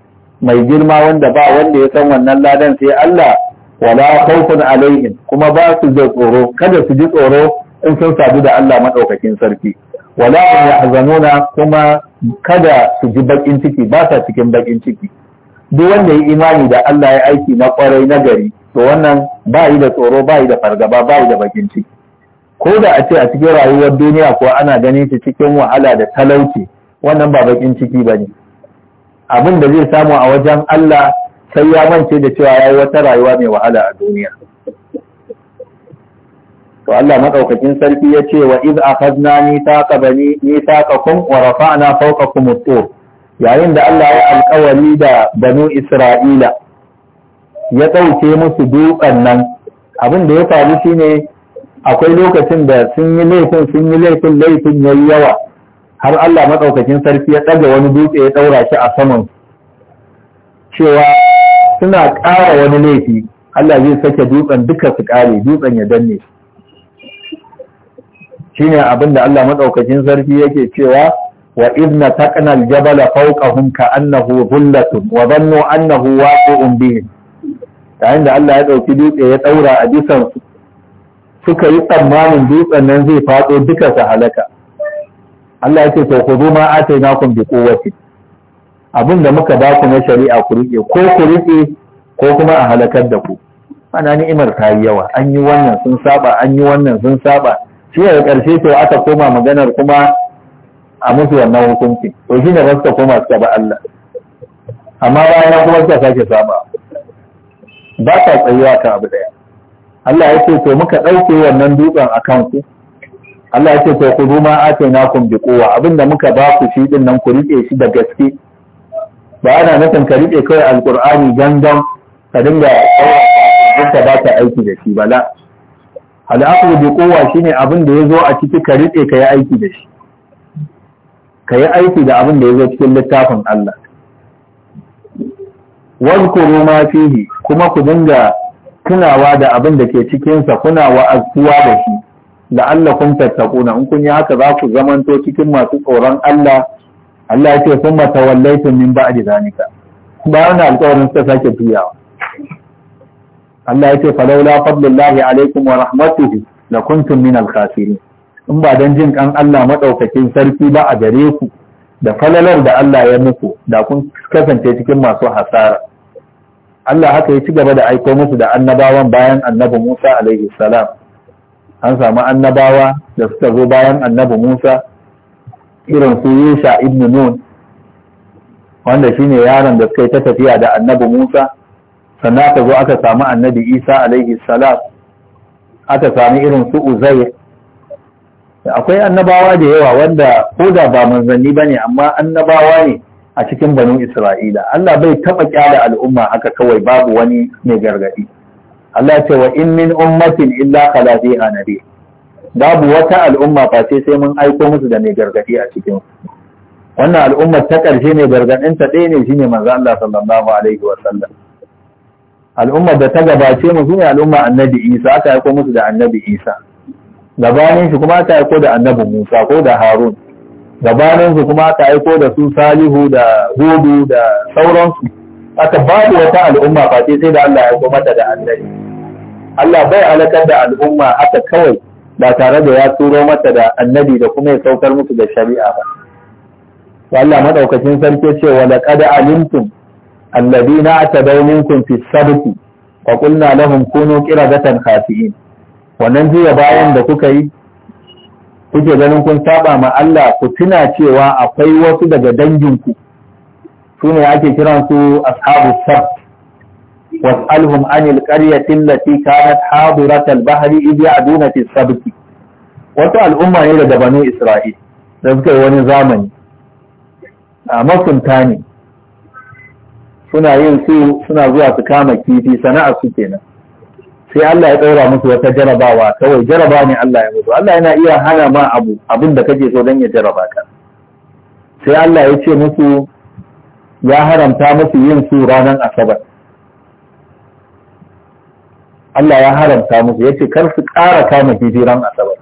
mai girma wanda ba wanda ya san wannan ladan sai Allah wala khawfun alaihim kuma ba su da tsoro kada su ji tsoro in sun sadu da Allah madaukakin sarki wala ya azanuna kuma kada su ji bakin ciki ba sa cikin bakin ciki duk wanda ya imani da Allah ya aiki na kwarai na gari to wannan ba yi da tsoro ba yi da fargaba ba yi da bakin ciki ko da a ce a cikin rayuwar duniya ko ana ganin shi cikin wahala da talauci wannan ba bakin ciki ba ne abin da zai samu a wajen Allah sai ya mance da cewa ya yi wata rayuwa mai wahala a duniya to Allah madaukakin sarki ya ce wa iz akhadna mithaqa bani mithaqakum wa rafa'na fawqakum at-tur yayin da Allah ya alƙawari da banu Isra'ila ya dauke musu dukan nan abin da ya faru shine akwai lokacin da sun yi laifin sun yi laifin laifin yayi yawa har Allah madaukakin sarki ya ɗaga wani dutse ya daura shi a saman cewa suna ƙara wani laifi Allah zai sake dutsen duka su ƙare dutsen ya danne shine abinda Allah madaukakin sarki yake cewa wa idna taqna al-jabala fawqahum ka'annahu dhullatun wa dhannu annahu waqi'un bihim yayin da Allah ya dauki dutse ya daura a bisan su suka yi tsammanin dutsen nan zai fado duka su halaka Allah yake to ku zuma atainakum bi quwwati abin muka ba ku na shari'a ku rike ko ku rike ko kuma a halakar da ku ana ni'imar ta yawa an yi wannan sun saba an yi wannan sun saba shi a ƙarshe to aka koma maganar kuma a musu wannan hukunci to shi ne suka koma suka ba Allah amma bayan kuma suka sake saba ba ta tsayuwa ta abu daya Allah ya ce to muka ɗauke wannan dutsen a kanku Allah ya ce to ku ma ce na kun bi kowa abinda muka ba ku shi din nan ku riƙe shi da gaske ba ana nufin ka riƙe kawai alƙur'ani gangan ka dinga ka ba ta aiki da shi ba la al'aqlu kowa shine abin da ya zo a ciki ka riƙe ka yi aiki da shi ka yi aiki da abin da yazo cikin littafin Allah wazkuru ma fihi kuma ku dinga tunawa da abin da ke cikin sa kuna wa'azuwa da shi la'allakum Na in kun yi haka za ku zamanto cikin masu tsoron Allah Allah ya ce kuma tawallaitum min ba'di zalika bayan alƙawarin suka sake biyawa Allah ya ce falaula fadlullahi alaikum wa rahmatuhu la kuntum min al in ba dan jin kan Allah madaukakin sarki ba a gare ku da falalar da Allah ya muku da kun kasance cikin masu hasara Allah haka ya ci gaba da aiko musu da annabawan bayan annabi Musa alaihi salam an samu annabawa da suka zo bayan annabi Musa irin su Yusha ibn Nun wanda shine yaron da suka yi ta tafiya da annabi Musa sannan aka zo aka samu annabi isa alaihi salam aka sami irin su uzair akwai annabawa da yawa wanda ko da ba manzanni ba ne amma annabawa ne a cikin banu isra'ila allah bai taɓa kyale al'umma haka kawai babu wani mai gargaɗi allah ce wa in min ummatin illa khala fiha nabi babu wata al'umma ba sai sai mun aiko musu da mai gargaɗi a cikin wannan al'ummar ta ƙarshe ne gargaɗin ɗaya ne shine manzo allah sallallahu alaihi wa sallam al'ummar da ta gabace mu sune al'umma annabi Isa aka aiko musu da annabi Isa gabanin shi kuma aka aiko da annabi Musa ko da Harun gabanin su kuma aka aiko da su Salihu da Hudu da sauransu aka babu wata al'umma face sai da Allah ya kuma mata da annabi Allah bai alakar da al'umma aka kawai ba tare da ya turo mata da annabi da kuma ya saukar musu da shari'a ba. Allah madaukakin sarki ce wa laqad alimtum الذين اعتدوا منكم في السبت وقلنا لهم كونوا قردة خاسئين wannan jiya bayan da kuka yi kuke ganin kun saba ma Allah ku tuna cewa akwai wasu daga danginku su ne ake kiran su ashabu sabt was'alhum anil qaryatin lati kanat hadirat al-bahri idh ya'duna fi Sabti. wato al'umma ne daga banu Isra'il da suka yi wani zamani a masunta ne suna yin su suna zuwa su kama kifi sana'a su kenan sai Allah ya ɗaura musu wata jarabawa kawai jaraba ne Allah ya mutu Allah yana iya hana ma abu abin da kake so don ya jaraba ka sai Allah ya ce musu ya haramta musu yin su ranar asabar Allah ya haramta musu ya ce kar su ƙara kama kifi ran asabar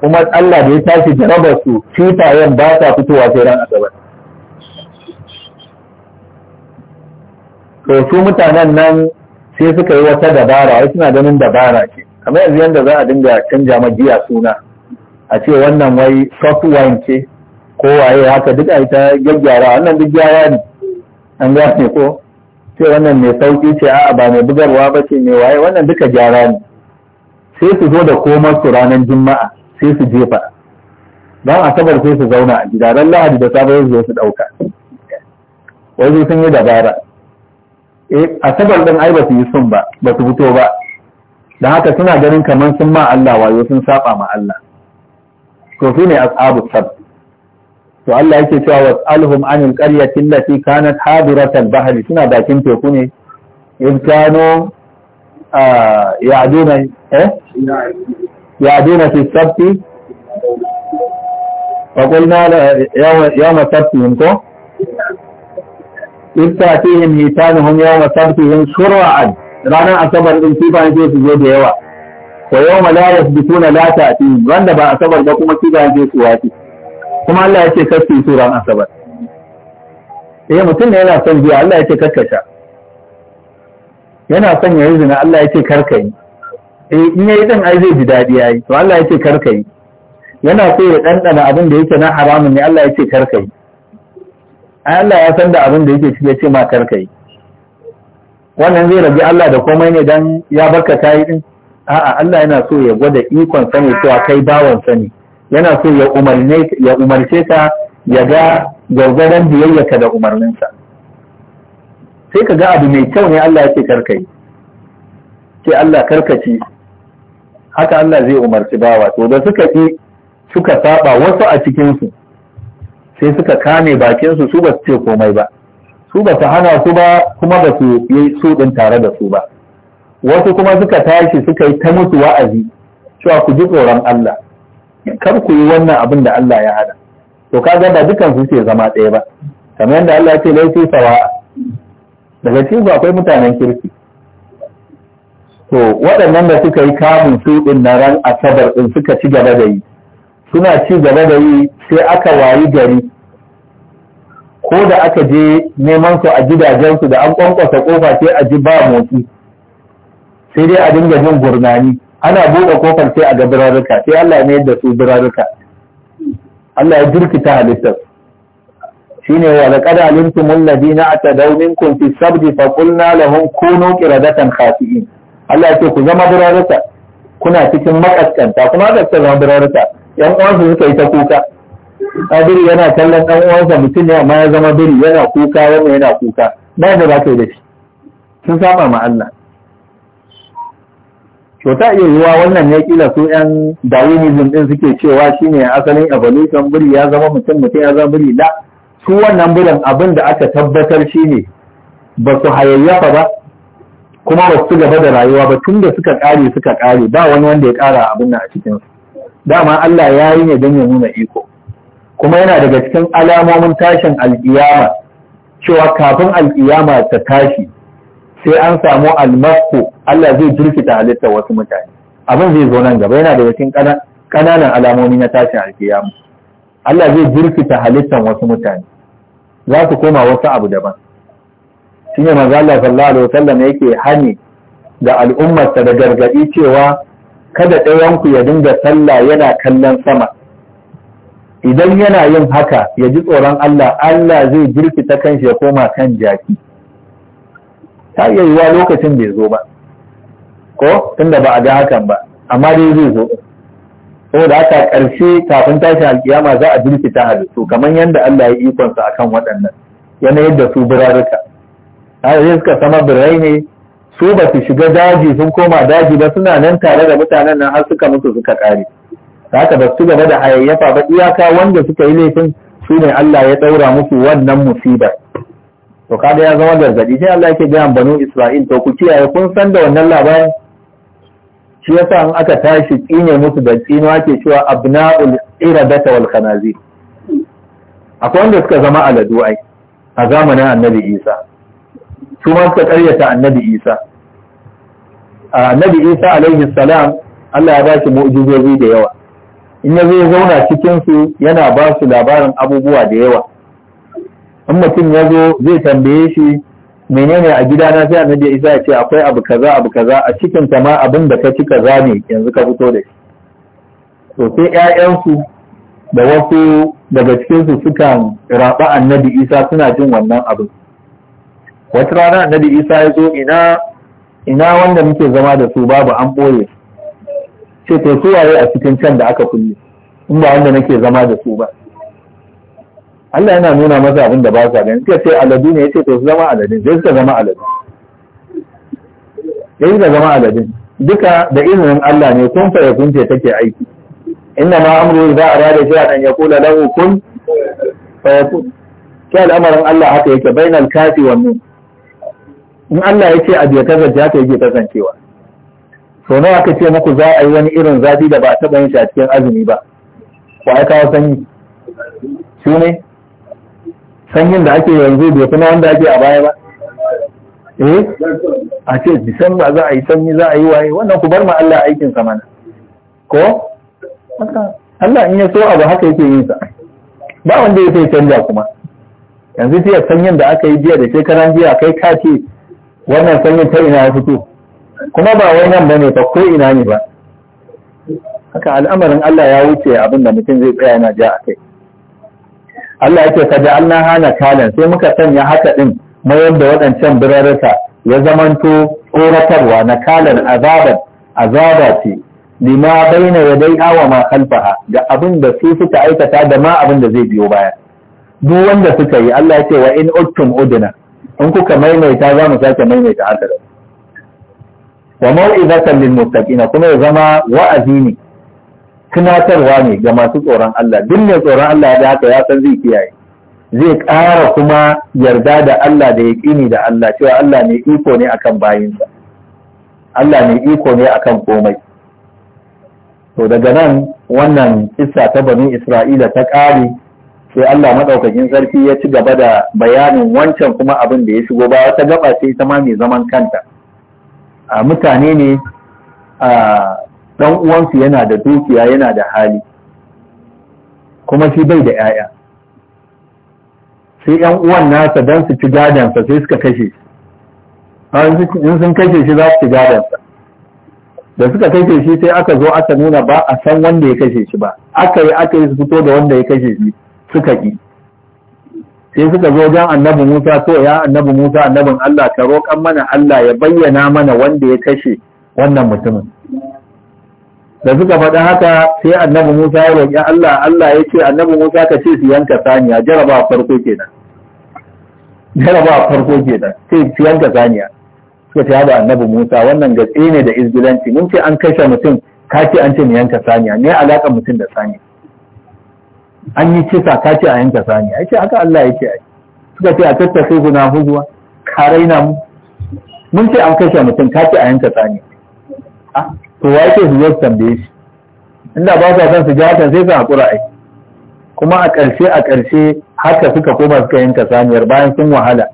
kuma Allah da ya tashi jarabar su kifayen ba sa fitowa sai ran asabar to su mutanen nan sai suka yi wata dabara wai suna ganin dabara ce kamar yanzu yadda za a dinga canja magiya suna a ce wannan wai soft wine ce ko waye haka duk ai ta gaggyara wannan duk gyara ne an ne ko ce wannan mai sauki ce a'a ba mai bugarwa ba ce mai waye wannan duka gyara ne sai su zo da komar su ranar juma'a sai su jefa don asabar sai su zauna a gida ran lahadi da sabon su su dauka wajen sun yi dabara eh asabar ɗin ai ba su yi sun ba ba su fito ba da haka suna ganin kamar sun ma Allah wayo sun saba ma Allah to su ne ashabu sab to Allah yake cewa was'alhum anil qaryati allati kanat hadiratal bahri suna bakin teku ne in kano ya'duna eh ya'duna fi sabti fa qulna yawma sabtihim irta fi him hitanuhum yin sabtihim Al. ranar asabar din kifayen sai su zo da yawa wa yawma la yasbituna la ta'tihim wanda ba asabar ba kuma kifayen sai su wace kuma Allah ya ce kasu su ran asabar eh mutum ne yana son biya Allah ya ce karkasha yana son ya yi zina Allah ya ce karkai eh in ya yi zan ai zai ji daɗi ya yi. to Allah ya ce karkai yana so ya ɗanɗana abin da yake na haramun ne Allah ya ce karkai Allah ya san da abin da yake ciki ya ce ma kai wannan zai rabi Allah da komai ne dan ya barka ta yi. a'a Allah yana so ya gwada ikon sani cewa kai bawan sani yana so ya umarce ka ya ga gwargwadon biyayyaka da umarninsa sai ka ga abu mai kyau ne Allah ya karkai ce Allah karkaci haka Allah zai umarci bawa to da suka ki suka saba wasu a cikinsu sai suka kame bakin su ba su ce komai ba su ba su hana su ba kuma ba su yi din tare da su ba wasu kuma suka tashi suka yi ta musu wa'azi cewa ku ji tsoron Allah kar ku yi wannan abin da Allah ya hada to kaga ba dukan su ce zama ɗaya ba kamar yadda Allah ya ce laifi sawa daga cikin su akwai mutanen kirki to waɗannan da suka yi kamun su ɗin na ran asabar din suka ci gaba da yi suna ci gaba da yi sai aka wayi gari ko da aka je neman su a gidajensu da an kwankwasa kofa sai a ji ba motsi sai dai a dinga jin gurnani ana buɗe kofar sai a ga birarruka sai Allah ne da su birarruka Allah ya jirkita halittar shine wa laqad alimtum alladhina atadaw minkum fi sabdi fa qulna lahum kunu qiradatan khasi'in Allah ya ce ku zama birarruka kuna cikin makaskanta kuma da zama birarruka yan uwansu suka yi ta kuka biri yana kallon ɗan uwansa mutum ne amma ya zama biri yana kuka wani yana kuka ba da za ka yi da shi sun saba ma Allah to ta iya yiwa wannan ne kila su yan darwinism din suke cewa shine asalin evolution biri ya zama mutum mutum ya zama biri la su wannan birin abin da aka tabbatar shine ba su hayayyafa ba kuma ba su gaba da rayuwa ba tun da suka kare suka ƙare ba wani wanda ya kara abin nan a cikinsu dama Allah ya yi ne don ya nuna iko kuma yana daga cikin alamomin tashin alkiyama cewa kafin alkiyama ta tashi sai an samu almasku Allah zai jirkita halitta wasu mutane abin zai zo nan gaba yana daga cikin ƙananan alamomi na tashin alkiyama Allah zai jirkita halittar wasu mutane za su koma wasu abu daban shi ne manzo Allah sallallahu alaihi wasallam yake hani da al'ummarsa da gargadi cewa kada ɗayanku ya dinga sallah yana kallon sama idan yana yin haka ya ji tsoron Allah Allah zai ta kanshi ya koma kan jaki ta iya lokacin bai zo ba ko tunda ba a ga hakan ba amma dai zai zo saboda haka ƙarshe kafin tashi alkiyama za a ta halittu kamar yadda Allah ya ikonsa akan waɗannan yana yadda su birarruka yanzu suka sama birai ne su ba su shiga daji sun koma daji ba suna nan tare da mutanen nan har suka mutu suka kare haka ba su gaba da hayayyafa ba iyaka wanda suka yi laifin su ne Allah ya daura musu wannan musibar to kada ya zama gargadi sai Allah yake gaya banu Isra'il to ku kiyaye kun san da wannan labarin shi yasa in aka tashi tsine musu da tsinuwa ke cewa abna'ul iradata wal khanazir akwai wanda suka zama aladu ai a zamanin Annabi Isa su ma suka karyata Annabi Isa annabi isa alaihi salam Allah ya ba shi mu'jizozi da yawa in ya zo zauna cikin su yana ba su labarin abubuwa da yawa in mutum ya zo zai tambaye shi menene a gidana sai annabi isa ya ce akwai abu kaza abu kaza a cikin ta ma abin da ka ci kaza ne yanzu ka fito da shi to sai su da wasu daga cikin su sukan raba annabi isa suna jin wannan abin wata rana annabi isa ya zo ina ina wanda muke zama da su babu an ɓoye ce to su waye a cikin can da aka kulle in ba wanda nake zama da su ba Allah yana nuna masa abin da ba sa ganin ka ce aladu ne yace to su zama aladin sai suka zama aladin sai suka zama aladin duka da izinin Allah ne kun fa yakun ce take aiki inna ma amru idza arada ya kula lahu kun fa yakun kai al'amarin Allah haka yake bainal kafi wa nun in Allah ya ce abu ya kasance haka yake kasancewa to nawa ka ce muku za a yi wani irin zafi da ba a taɓa yin shi a cikin azumi ba ko ai kawo sanyi shi ne sanyin da ake yanzu bai kuma wanda ake a baya ba eh a ce disamba za a yi sanyi za a yi waye wannan ku bar ma Allah aikin sa mana ko Allah in ya so abu haka yake yin sa ba wanda ya sai canja kuma yanzu jiya sanyin da aka yi jiya da shekaran jiya kai ka ce wannan sanyin ta ina fito kuma ba wannan nan bane ba ko ina ne ba haka al'amarin Allah ya wuce abin da mutum zai tsaya yana ja a kai Allah yake ka Allah hana kalan sai muka sanya haka din mayar da waɗancan birarruka ya zamanto tsoratarwa na kalan azabar azaba ce lima baina dai wa ma kalfaha, ga abin da su suka aikata da ma abin da zai biyo baya duk wanda suka yi Allah ya ce wa in otun udna in kuka maimaita za mu sake maimaita haka da wa mau'izatan lil muttaqina kuma ya zama wa'azi ne tunatarwa ne ga masu tsoron Allah duk mai tsoron Allah da haka ya san zai kiyaye zai ƙara kuma yarda da Allah da yaƙini da Allah cewa Allah ne iko ne akan bayinsa Allah ne iko ne akan komai to daga nan wannan kissa ta bani Isra'ila ta ƙare sai Allah maɗaukakin sarki ya ci gaba da bayanin wancan kuma abin da ya shigo ba wata gaba ce ita ma mai zaman kanta a mutane ne ɗan dan uwansu yana da dukiya yana da hali kuma shi bai da 'ya'ya sai yan uwan nasa don su ci gadansa sai suka kashe shi in sun kashe shi za su ci gadansa da suka kashe shi sai aka zo aka nuna ba a san wanda ya kashe shi ba aka yi aka yi su fito da wanda ya kashe shi suka ƙi sai suka zo wajen annabi Musa to ya annabi Musa annabin Allah ta roƙan mana Allah ya bayyana mana wanda ya kashe wannan mutumin da suka faɗi haka sai annabi Musa ya roƙi Allah Allah ya ce annabi Musa ka ce su yanka saniya jaraba farko kenan jaraba farko kenan sai su yanka saniya suka ce da annabi Musa wannan gatsi ne da izgilanci mun ce an kashe mutum ka ce an ce mu yanka saniya Ne alaƙar mutum da saniya an yi kisa ka ce a yanka sani ai ce haka Allah ya ce yi suka ce a sai guna huguwa ka raina mu mun ce an kashe mutum ka ce a yanka sani ah, to wa yake su zai tambaye shi inda ba sa san su ji hakan sai su haƙura ai kuma a ƙarshe a ƙarshe haka suka koma suka yanka saniyar bayan sun wahala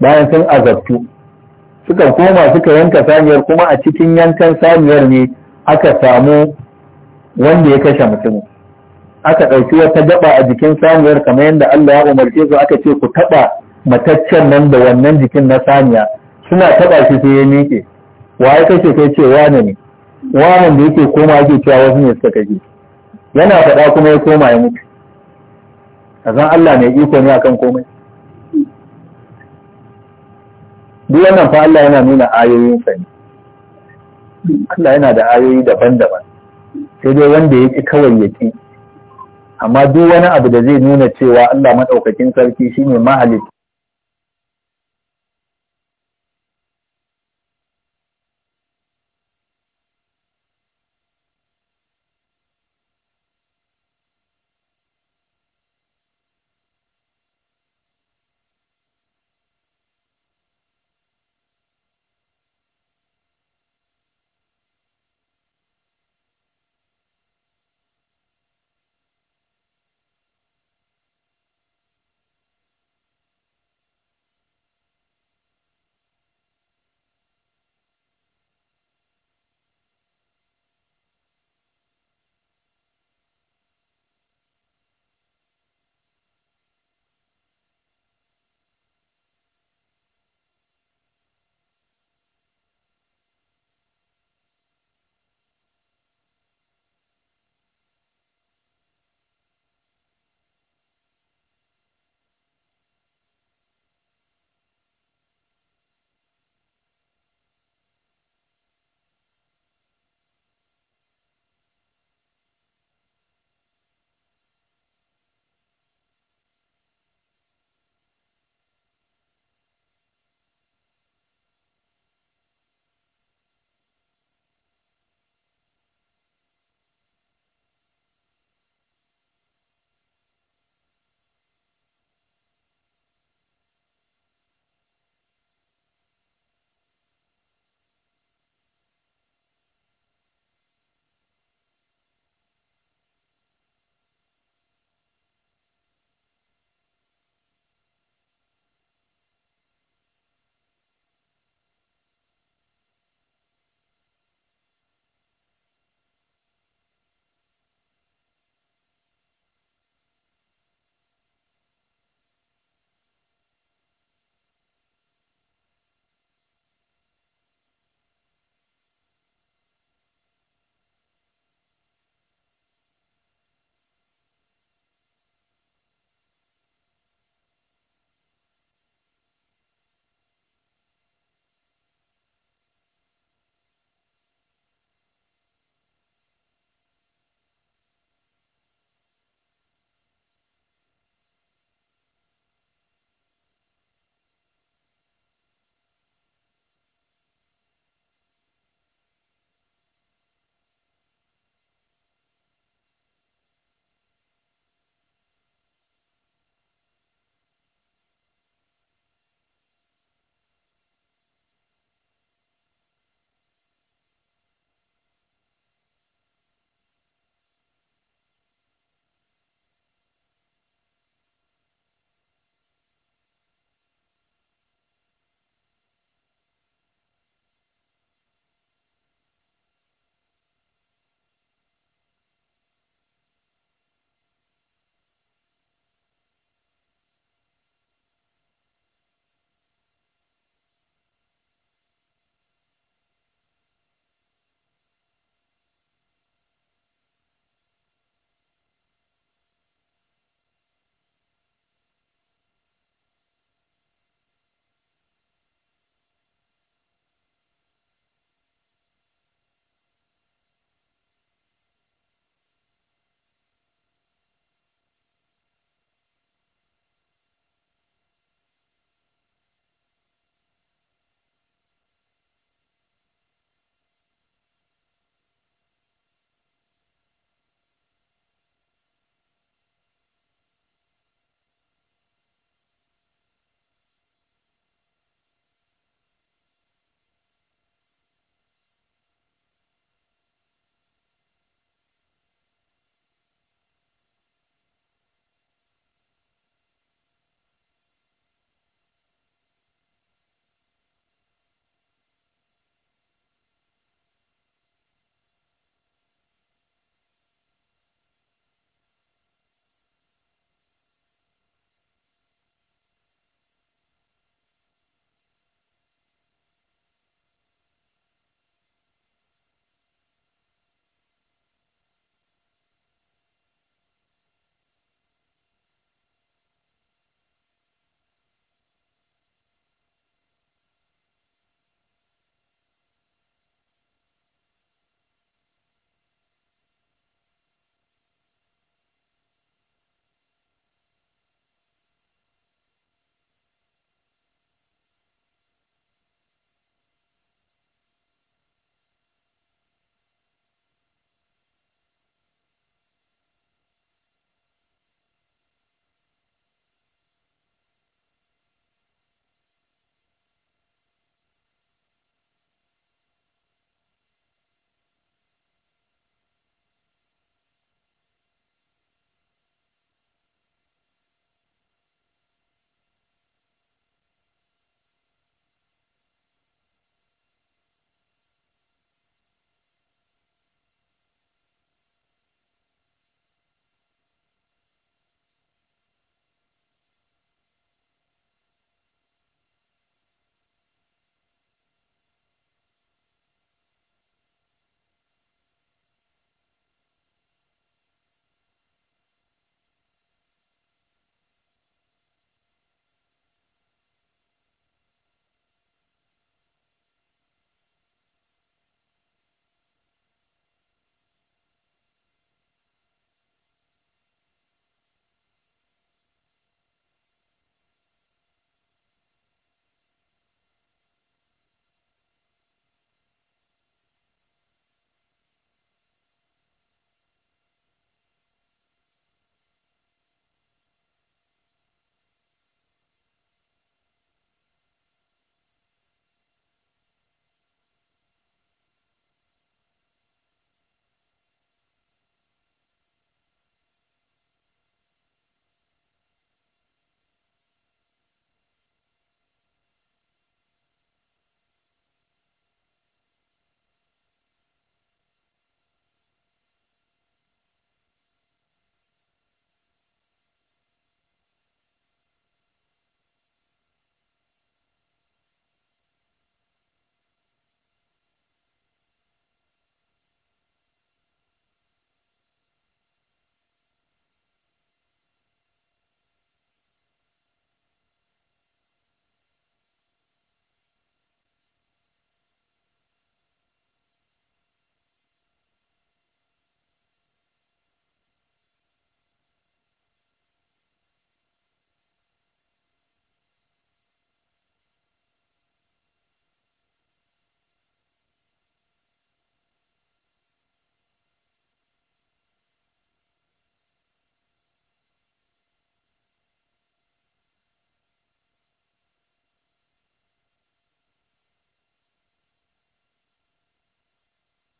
bayan sun azabtu suka koma suka yanka saniyar kuma a cikin yankan saniyar ne aka samu wanda ya kashe mutumin aka ɗauki wata gaba a jikin saniyar kamar yadda Allah ya umarce su aka ce ku taɓa mataccen nan da wannan jikin na saniya suna taɓa shi sai ya miƙe wa ya kashe kai ce wane ne wane da yake koma yake cewa wasu ne suka kashe yana faɗa kuma ya koma ya mutu zan Allah mai iko ne akan komai duk wannan fa Allah yana nuna sa ne Allah yana da ayoyi daban-daban sai dai wanda ya ƙi kawai ya ƙi amma duk wani abu da zai nuna cewa Allah maɗaukakin sarki shine mahalicci